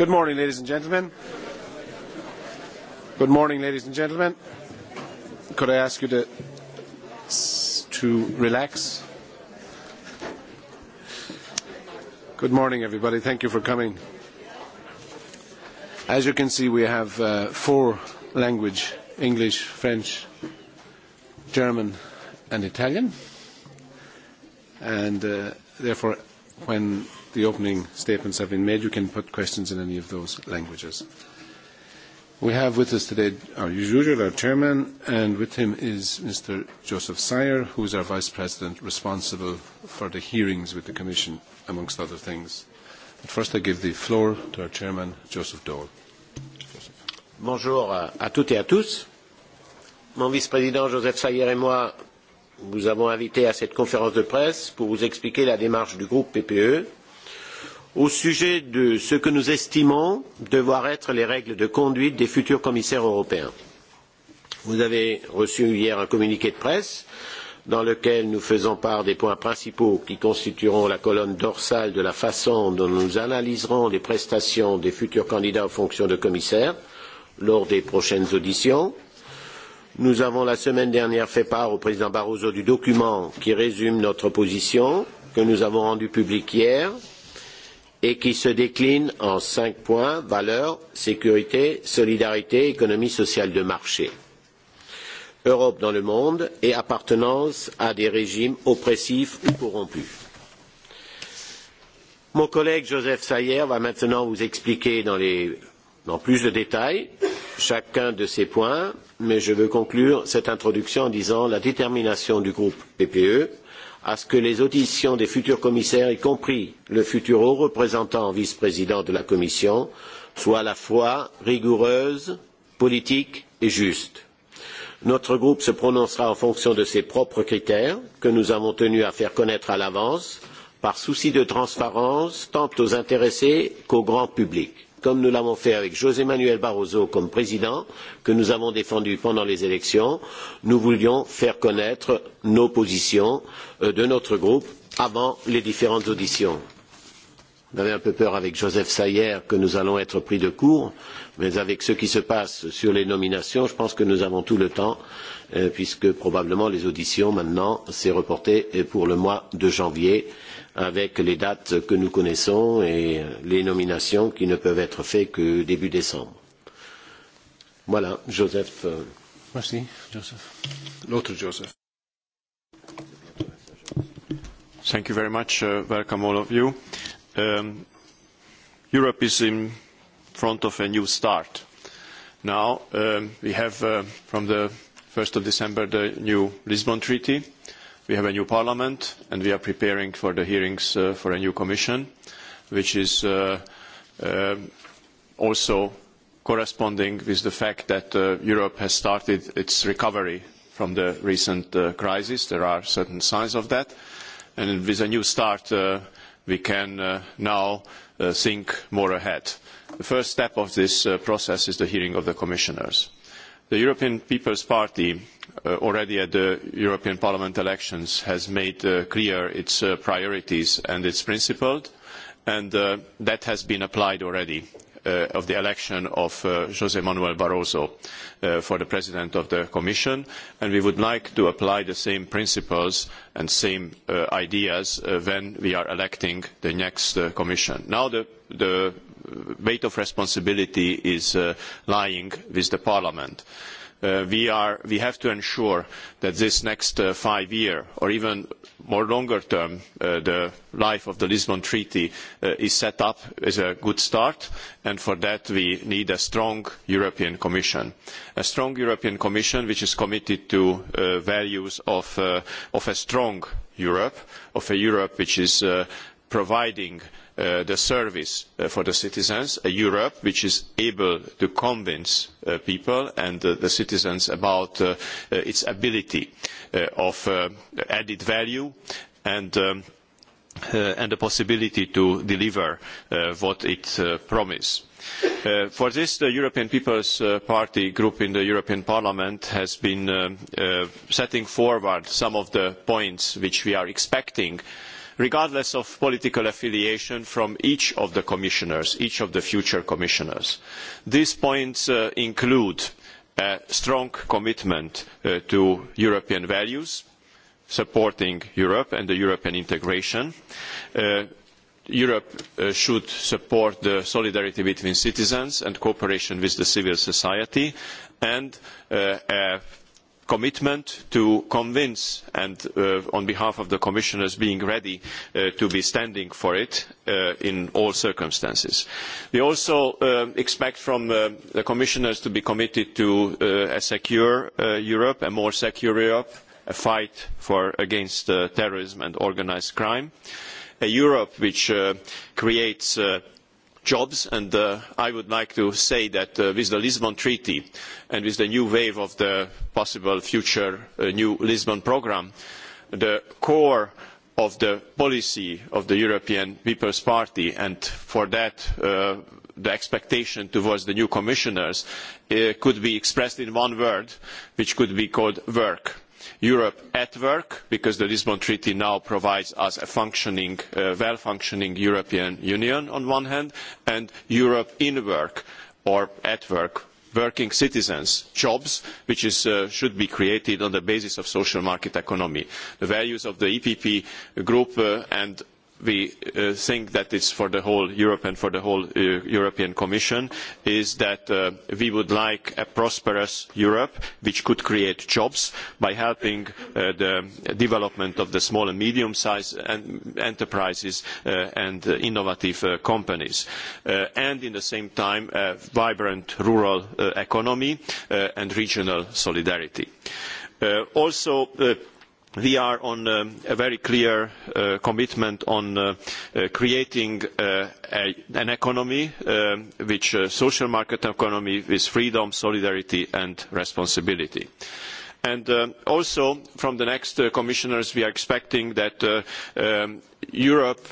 Good morning, ladies and gentlemen. Good morning, ladies and gentlemen. Could I ask you to to relax? Good morning, everybody. Thank you for coming. As you can see, we have four language: English, French, German, and Italian. And therefore, when the opening statements have been made, you can put questions in any of those languages. We have with us today, our usual, our chairman, and with him is Mr. Joseph Sayer, who is our vice president responsible for the hearings with the Commission, amongst other things. But first, I give the floor to our chairman, Joseph Dole. Bonjour à toutes et à tous. Mon vice-président Joseph Sayer et moi vous avons invité à cette conférence de presse pour vous expliquer la démarche du groupe PPE au sujet de ce que nous estimons devoir être les règles de conduite des futurs commissaires européens. Vous avez reçu hier un communiqué de presse dans lequel nous faisons part des points principaux qui constitueront la colonne dorsale de la façon dont nous analyserons les prestations des futurs candidats aux fonctions de commissaire lors des prochaines auditions Nous avons la semaine dernière fait part au président Barroso du document qui résume notre position, que nous avons rendu public hier, et qui se décline en cinq points valeurs, sécurité, solidarité, économie sociale de marché, Europe dans le monde et appartenance à des régimes oppressifs ou corrompus. Mon collègue Joseph Sayer va maintenant vous expliquer dans plus de détails chacun de ces points, mais je veux conclure cette introduction en disant la détermination du groupe PPE à ce que les auditions des futurs commissaires, y compris le futur haut représentant vice président de la Commission, soient à la fois rigoureuses, politiques et justes. Notre groupe se prononcera en fonction de ses propres critères, que nous avons tenu à faire connaître à l'avance, par souci de transparence, tant aux intéressés qu'au grand public comme nous l'avons fait avec José Manuel Barroso comme président, que nous avons défendu pendant les élections, nous voulions faire connaître nos positions de notre groupe avant les différentes auditions. J'avais un peu peur avec Joseph Sayer que nous allons être pris de court, mais avec ce qui se passe sur les nominations, je pense que nous avons tout le temps, puisque probablement les auditions maintenant s'est reportées pour le mois de janvier avec les dates que nous connaissons et les nominations qui ne peuvent être faites que début décembre. Voilà, Joseph. Merci, Joseph. L'autre Joseph. Thank you very much. Welcome all of you. Europe is in front of a new start. Now, we have from the 1st of December the new Lisbon Treaty We have a new Parliament and we are preparing for the hearings for a new Commission, which is also corresponding with the fact that Europe has started its recovery from the recent crisis. There are certain signs of that. And with a new start, we can now think more ahead. The first step of this process is the hearing of the Commissioners. The European People's Party, already at the European Parliament elections, has made clear its priorities and its principles, and that has been applied already of the election of José Manuel Barroso for the President of the Commission, and we would like to apply the same principles and same ideas when we are electing the next Commission. Now the weight of responsibility is lying with the Parliament. We have to ensure that this next five-year or even more longer term, the life of the Lisbon Treaty is set up as a good start, and for that we need a strong European Commission, a strong European Commission which is committed to values of a strong Europe, of a Europe which is providing the service for the citizens, a Europe which is able to convince people and the citizens about its ability of added value and the possibility to deliver what it promises. For this, the European People's Party group in the European Parliament has been setting forward some of the points which we are expecting regardless of political affiliation from each of the commissioners each of the future commissioners. these points include a strong commitment to european values supporting europe and european integration Europe should support the solidarity between citizens and cooperation with the civil society and a commitment to convince and on behalf of the commissioners being ready to be standing for it in all circumstances. We also expect from the commissioners to be committed to a secure Europe, a more secure Europe, a fight against terrorism and organised crime, a Europe which creates jobs and i would like to say that with the lisbon treaty and with the new wave of the possible future new lisbon programme the core of the policy of the european people's party and for that the expectation towards the new commissioners could be expressed in one word which could be called work'. Europe at work, because the Lisbon Treaty now provides us a well-functioning European Union on one hand, and Europe in work or at work, working citizens, jobs, which should be created on the basis of social market economy. The values of the EPP group and we think that is for the whole Europe and for the whole European Commission is that we would like a prosperous Europe which could create jobs by helping the development of the small and medium sized enterprises and innovative companies and at the same time a vibrant rural economy and regional solidarity. Also we are on a very clear commitment on creating an economy which a social market economy with freedom solidarity and responsibility and also from the next commissioners we are expecting that europe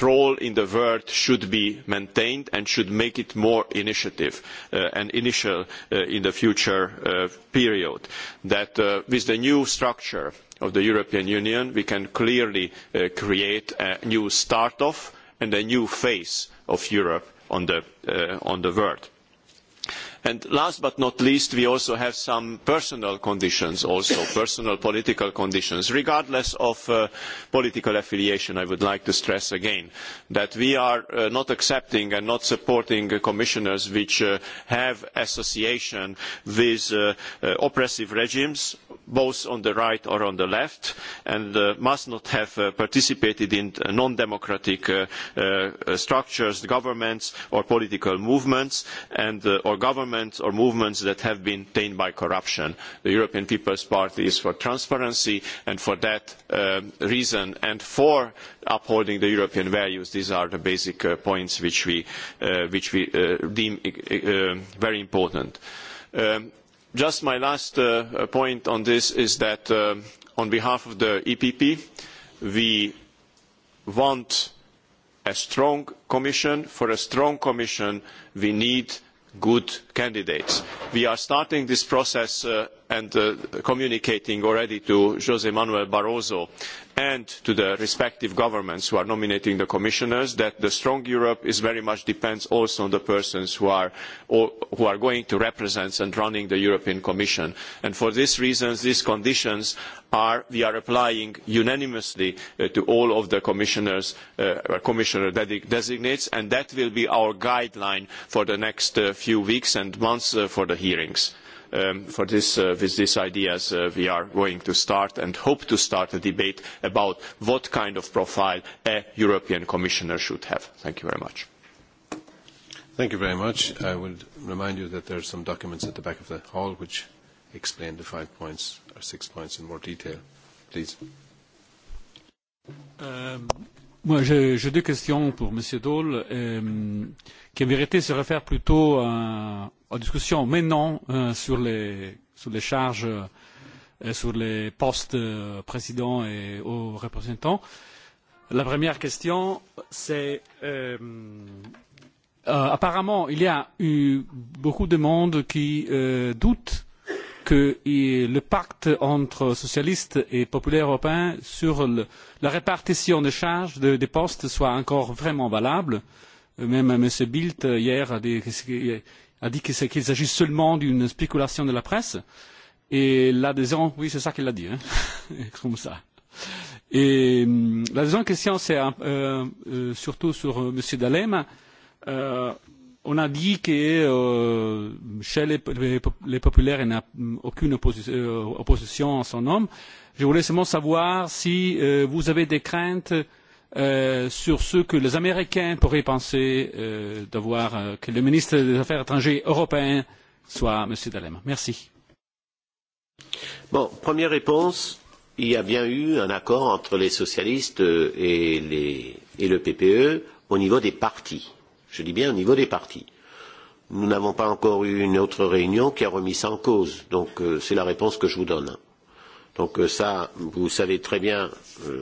role in the world should be maintained and should make it more initiative and initial in the future period. That with the new structure of the European Union we can clearly create a new start off and a new face of Europe on the world. And last but not least, we also have some personal conditions, also personal political conditions, regardless of political affiliation. I would like to stress again that we are not accepting and not supporting commissioners which have association with oppressive regimes both on the right or on the left and must not have participated in non democratic structures governments or political movements or governments or movements that have been tainted by corruption. the european people's party is for transparency and for that reason and for upholding the european values these are the basic points which we deem very important. Just my last point on this is that on behalf of the EPP, we want a strong Commission. For a strong Commission, we need good candidates. We are starting this process and communicating already to Jose Manuel Barroso and to the respective governments who are nominating the commissioners that the strong Europe very much depends also on the persons who are going to represent and running the European Commission. And for these reasons, these conditions we are applying unanimously to all of the commissioners commissioner designates and that will be our guideline for the next few weeks and months for the hearings with these ideas we are going to start and hope to start a debate about what kind of profile a European Commissioner should have. Thank you very much. Thank you very much. I would remind you that there are some documents at the back of the hall which explain the five points or six points in more detail. Please. Moi, j'ai deux questions pour M. Daul, qui en vérité se réfèrent plutôt aux discussions maintenant sur les charges, sur les postes président et aux représentants. La première question, c'est apparemment, il y a eu beaucoup de monde qui doutent que le pacte entre socialistes et populaires européens sur la répartition des charges des postes soit encore vraiment valable. Même M. Bildt, hier, a dit qu'il s'agit seulement d'une spéculation de la presse. Et l'adhésion, oui, c'est ça qu'il a dit, comme ça. Et la deuxième question, c'est surtout sur M. Dalema On a dit que chez les populaires, il n'y a aucune opposition à son nom. Je voulais seulement savoir si vous avez des craintes sur ce que les Américains pourraient penser d'avoir que le ministre des Affaires étrangères européen soit M. Dalema. Merci. Bon, première réponse. Il y a bien eu un accord entre les socialistes et le PPE au niveau des partis Je dis bien au niveau des partis. Nous n'avons pas encore eu une autre réunion qui a remis ça en cause. Donc c'est la réponse que je vous donne. Donc ça, vous savez très bien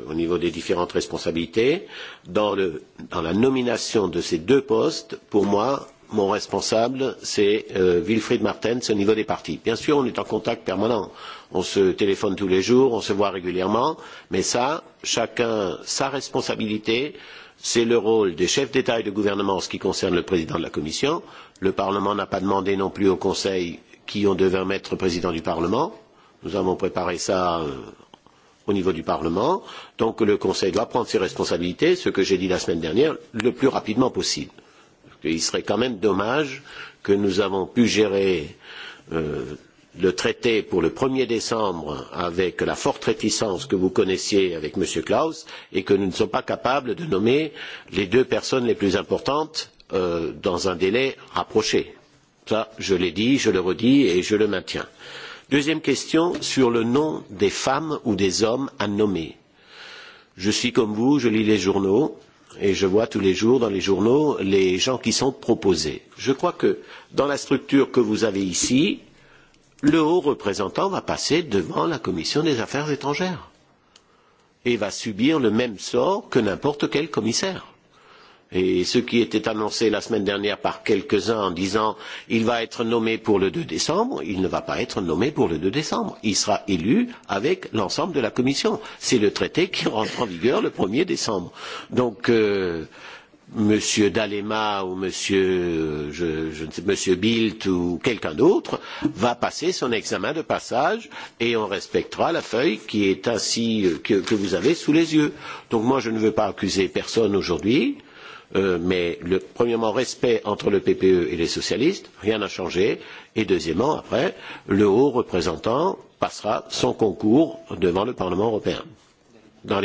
au niveau des différentes responsabilités. Dans la nomination de ces deux postes, pour moi, mon responsable, c'est Wilfried Martens au niveau des partis. Bien sûr, on est en contact permanent. On se téléphone tous les jours, on se voit régulièrement. Mais ça, chacun sa responsabilité c'est le rôle des chefs d'état et de gouvernement en ce qui concerne le président de la commission le parlement n'a pas demandé non plus au conseil qui on devait mettre président du parlement nous avons préparé cela au niveau du parlement donc le conseil doit prendre ses responsabilités ce que j'ai dit la semaine dernière le plus rapidement possible. il serait quand même dommage que nous avons pu gérer le traité pour le 1er décembre avec la forte réticence que vous connaissiez avec M. Klaus et que nous ne sommes pas capables de nommer les deux personnes les plus importantes dans un délai rapproché. Ça, je l'ai dit, je le redis et je le maintiens. Deuxième question sur le nom des femmes ou des hommes à nommer. Je suis comme vous, je lis les journaux et je vois tous les jours dans les journaux les gens qui sont proposés. Je crois que dans la structure que vous avez ici, le haut représentant va passer devant la commission des affaires étrangères et va subir le même sort que n'importe quel commissaire. Et ce qui était annoncé la semaine dernière par quelques-uns en disant il va être nommé pour le 2 décembre, il ne va pas être nommé pour le 2 décembre. Il sera élu avec l'ensemble de la Commission. C'est le traité qui rentre en vigueur le 1er décembre. Donc Monsieur Dalema ou Monsieur Monsieur Bilt ou quelqu'un d'autre va passer son examen de passage et on respectera la feuille qui est ainsi que vous avez sous les yeux. Donc moi je ne veux pas accuser personne aujourd'hui, mais premièrement respect entre le PPE et les socialistes, rien n'a changé, et deuxièmement après le haut représentant passera son concours devant le Parlement européen. Dans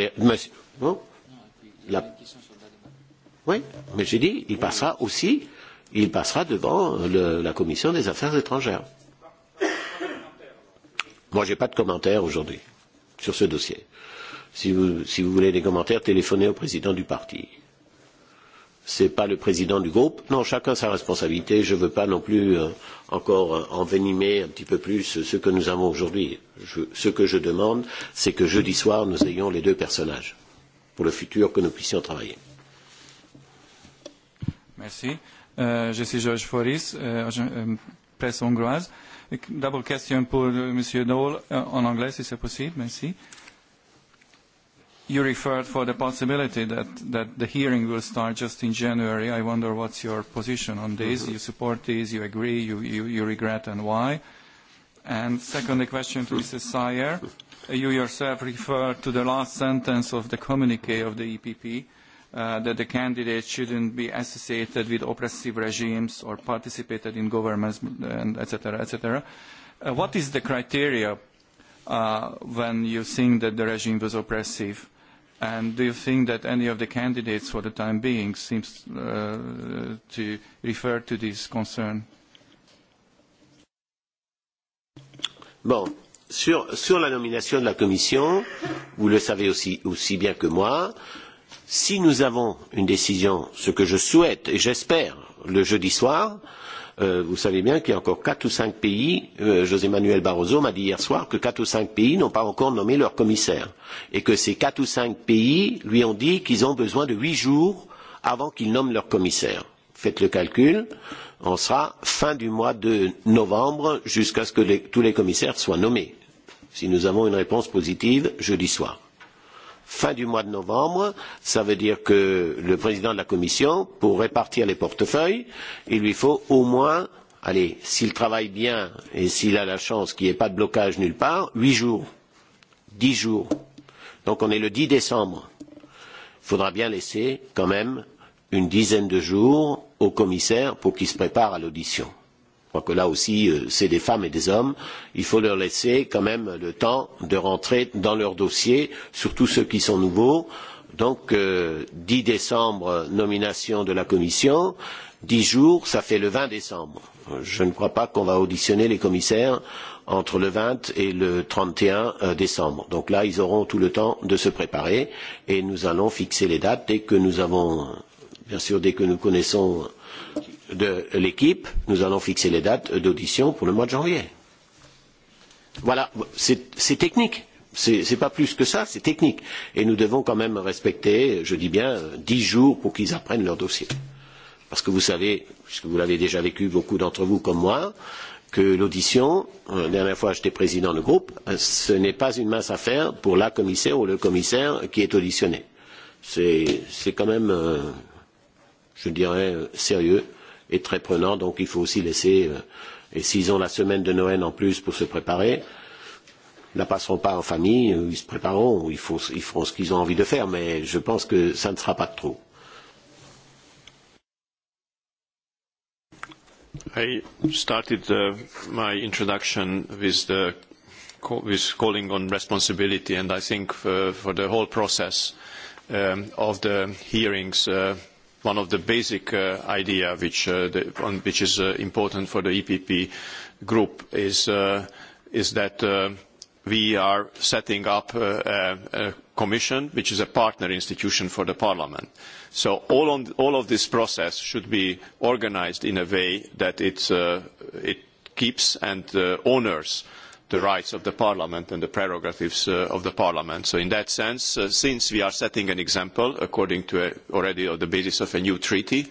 Oui, mais j'ai dit, il passera aussi, il passera devant la commission des affaires étrangères. Moi, je n'ai pas de commentaires aujourd'hui sur ce dossier. Si vous, si vous voulez des commentaires, téléphonez au président du parti. Ce n'est pas le président du groupe. Non, chacun sa responsabilité. Je ne veux pas non plus encore envenimer un petit peu plus ce que nous avons aujourd'hui. Ce que je demande, c'est que jeudi soir, nous ayons les deux personnages pour le futur que nous puissions travailler. Merci. Je suis Georges Foris, presse hongroise. D'abord, question pour M. Dole en anglais, si c'est possible. Merci. You referred for the possibility that that the hearing will start just in January. I wonder what's your position on this. You support this, you agree, you regret, and why. And second question to Mrs. Sayer. You yourself referred to the last sentence of the communique of the EPP that the candidates shouldn't be associated with oppressive regimes or participated in governments, etc., etc. What is the criteria when you think that the regime was oppressive? And do you think that any of the candidates for the time being seems to refer to this concern? Bon, sur la nomination de la Commission, vous le savez aussi bien que moi, si nous avons une décision, ce que je souhaite et j'espère le jeudi soir, vous savez bien qu'il y a encore quatre ou cinq pays, José Manuel Barroso m'a dit hier soir que quatre ou cinq pays n'ont pas encore nommé leur commissaire et que ces quatre ou cinq pays lui ont dit qu'ils ont besoin de huit jours avant qu'ils nomment leur commissaire. Faites le calcul, on sera fin du mois de novembre jusqu'à ce que tous les commissaires soient nommés, si nous avons une réponse positive jeudi soir fin du mois de novembre. Cela veut dire que le président de la Commission, pour répartir les portefeuilles, il lui faut au moins, allez, s'il travaille bien et s'il a la chance qu'il n'y ait pas de blocage nulle part, huit jours, dix jours. Donc on est le 10 décembre. Il faudra bien laisser quand même une dizaine de jours au commissaire pour qu'il se prépare à l'audition crois que là aussi, c'est des femmes et des hommes. Il faut leur laisser quand même le temps de rentrer dans leur dossier, surtout ceux qui sont nouveaux. Donc, 10 décembre, nomination de la Commission. 10 jours, ça fait le 20 décembre. Je ne crois pas qu'on va auditionner les commissaires entre le 20 et le 31 décembre. Donc là, ils auront tout le temps de se préparer et nous allons fixer les dates dès que nous avons, bien sûr, dès que nous connaissons de l'équipe, nous allons fixer les dates d'audition pour le mois de janvier. Voilà, c'est technique. Ce n'est pas plus que ça, c'est technique. Et nous devons quand même respecter, je dis bien, dix jours pour qu'ils apprennent leur dossier. Parce que vous savez, puisque vous l'avez déjà vécu, beaucoup d'entre vous comme moi, que l'audition, la dernière fois j'étais président de groupe, ce n'est pas une mince affaire pour la commissaire ou le commissaire qui est auditionné. C'est quand même, je dirais, sérieux est très prenant, donc il faut aussi laisser, et s'ils ont la semaine de Noël en plus pour se préparer, ne la passeront pas en famille, ils se prépareront, ils feront ce qu'ils ont envie de faire, mais je pense que ça ne sera pas trop. I started my introduction with calling on responsibility, and I think for the whole process of the hearings, one of the basic ideas which is important for the EPP group is that we are setting up a commission which is a partner institution for the parliament. So all of this process should be organised in a way that it keeps and honours the rights of the Parliament and the prerogatives of the Parliament. So in that sense, since we are setting an example according to already on the basis of a new treaty,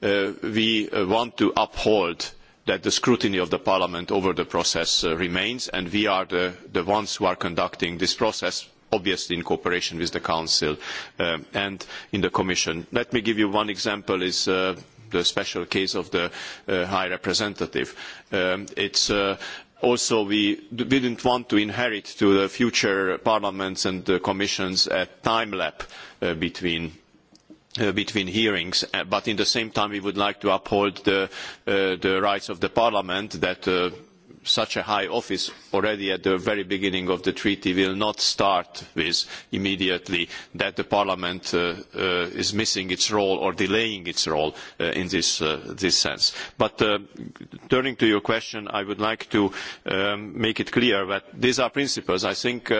we want to uphold that the scrutiny of the Parliament over the process remains, and we are the ones who are conducting this process, obviously in cooperation with the Council and in the Commission. Let me give you one example is the special case of the High Representative. It's also we didn't want to inherit to the future parliaments and commissions a time lapse between hearings but at the same time we would like to uphold the rights of the parliament that such a high office already at the very beginning of the treaty will not start with immediately that the parliament is missing its role or delaying its role in this sense. But turning to your question, I would like to make it clear that these are principles. I think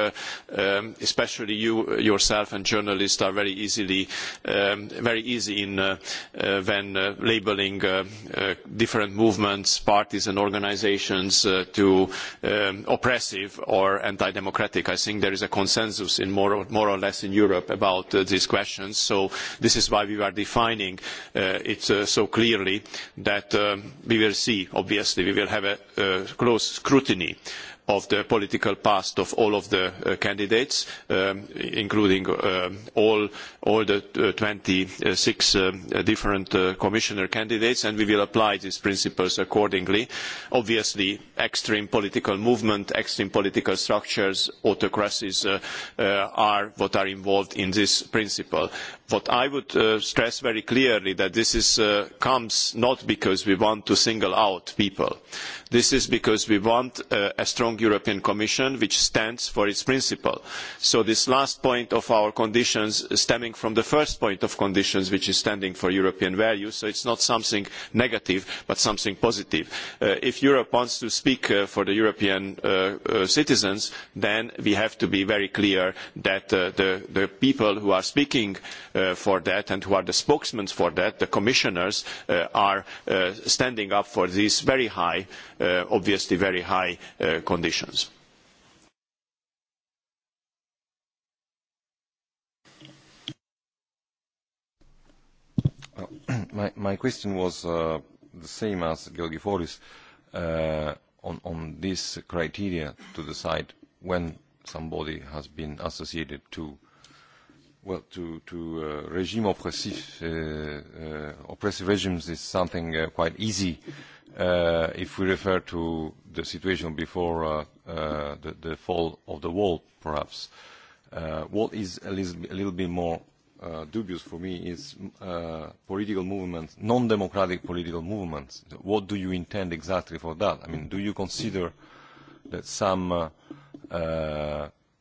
especially you yourself and journalists are very easily very easy in when labelling different movements, parties and organisations to oppressive or anti-democratic. I think there is a consensus more or less in Europe about these questions. So this is why we are defining it so clearly that we will see, obviously, we will have a close scrutiny of the political past of all of the candidates, including all the 26 different commissioner candidates, and we will apply these principles accordingly. Obviously, extreme political movement, extreme political structures, autocracies are what are involved in this principle. What I would stress very clearly that this comes not because we want to single out people. This is because we want a strong strong European Commission which stands for its principle. So this last point of our conditions stemming from the first point of conditions which is standing for European values, so it's not something negative but something positive. If Europe wants to speak for the European citizens, then we have to be very clear that the people who are speaking for that and who are the spokesmen for that, the commissioners, are standing up for these very high, obviously very high conditions. My question was the same as uh on this criteria to decide when somebody has been associated to well to to regime oppressive oppressive regimes is something quite easy if we refer to the situation before the fall of the wall, perhaps, what is a little bit more dubious for me is political movements, non-democratic political movements. What do you intend exactly for that? I mean, do you consider that some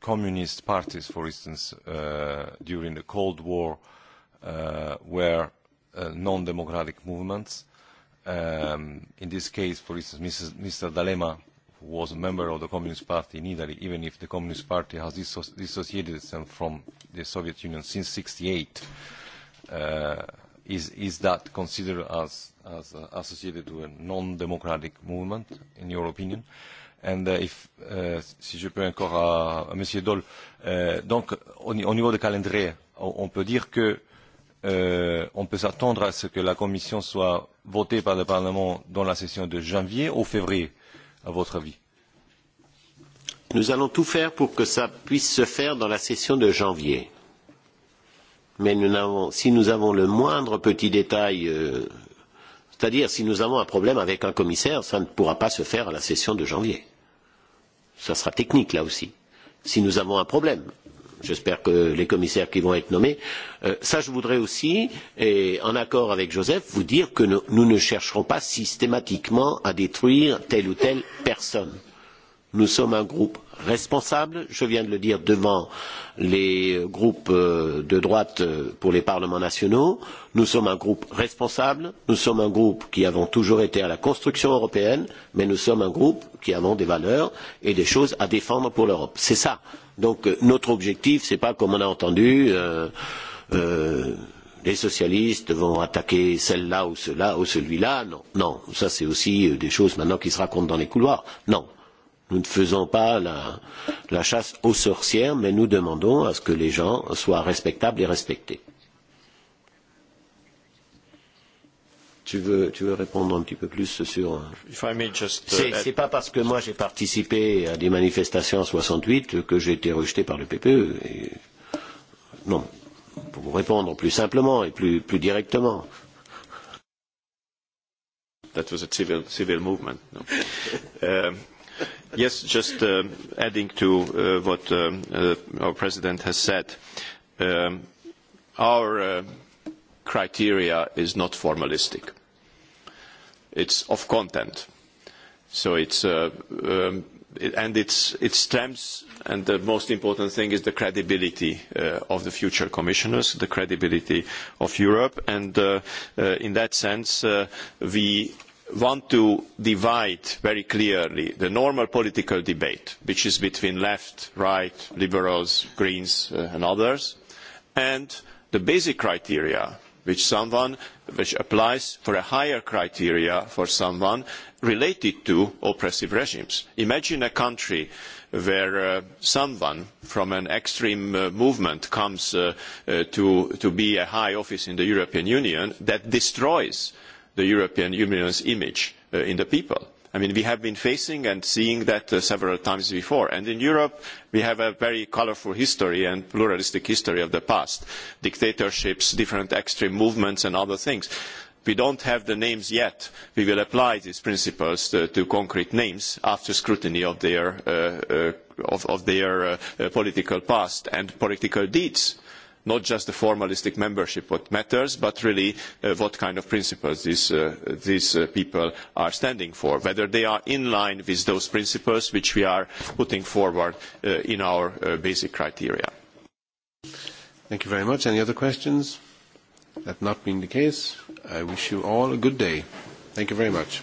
communist parties, for instance, during the Cold War, were non-democratic movements? In this case, for instance, Mr. D'Alema, who was a member of the Communist Party in Italy, even if the Communist Party has dissociated itself from the Soviet Union since 1968, is that considered as associated to a non-democratic movement, in your opinion? And if, si je peux encore à Monsieur Dole, donc au niveau de calendrier, on peut dire que on peut s'attendre à ce que la Commission soit votée par le Parlement dans la session de janvier ou février, à votre avis Nous allons tout faire pour que ça puisse se faire dans la session de janvier. Mais si nous avons le moindre petit détail, c'est-à-dire si nous avons un problème avec un commissaire, ça ne pourra pas se faire à la session de janvier. Ça sera technique là aussi. Si nous avons un problème j'espère que les commissaires qui vont être nommés. Ça, je voudrais aussi, et en accord avec Joseph, vous dire que nous ne chercherons pas systématiquement à détruire telle ou telle personne. Nous sommes un groupe responsable, je viens de le dire devant les groupes de droite pour les parlements nationaux, nous sommes un groupe responsable, nous sommes un groupe qui avons toujours été à la construction européenne, mais nous sommes un groupe qui avons des valeurs et des choses à défendre pour l'Europe. C'est ça Donc notre objectif, ce n'est pas comme on a entendu les socialistes vont attaquer celle là ou cela ou celui là. Non, non, ça c'est aussi des choses maintenant qui se racontent dans les couloirs. Non. Nous ne faisons pas la chasse aux sorcières, mais nous demandons à ce que les gens soient respectables et respectés. Tu veux, tu veux répondre un petit peu plus sur. C'est pas parce que moi j'ai participé à des manifestations en 68 que j'ai été rejeté par le PPE. Et... Non. Pour vous répondre plus simplement et plus, plus directement. That was a civil, civil movement. No. yes, just adding to what our president has said. our criteria is not formalistic. It's of content. So it's and its stems and the most important thing is the credibility of the future commissioners, the credibility of Europe and in that sense we want to divide very clearly the normal political debate, which is between left, right, liberals, greens and others, and the basic criteria which someone which applies for a higher criteria for someone related to oppressive regimes. Imagine a country where someone from an extreme movement comes to be a high office in the European Union that destroys the European Union's image in the people mean, we have been facing and seeing that several times before. And in Europe, we have a very colourful history and pluralistic history of the past, dictatorships, different extreme movements and other things. We don't have the names yet. We will apply these principles to concrete names after scrutiny of their political past and political deeds not just the formalistic membership what matters, but really what kind of principles these people are standing for, whether they are in line with those principles which we are putting forward in our basic criteria. Thank you very much. Any other questions? That not being the case, I wish you all a good day. Thank you very much.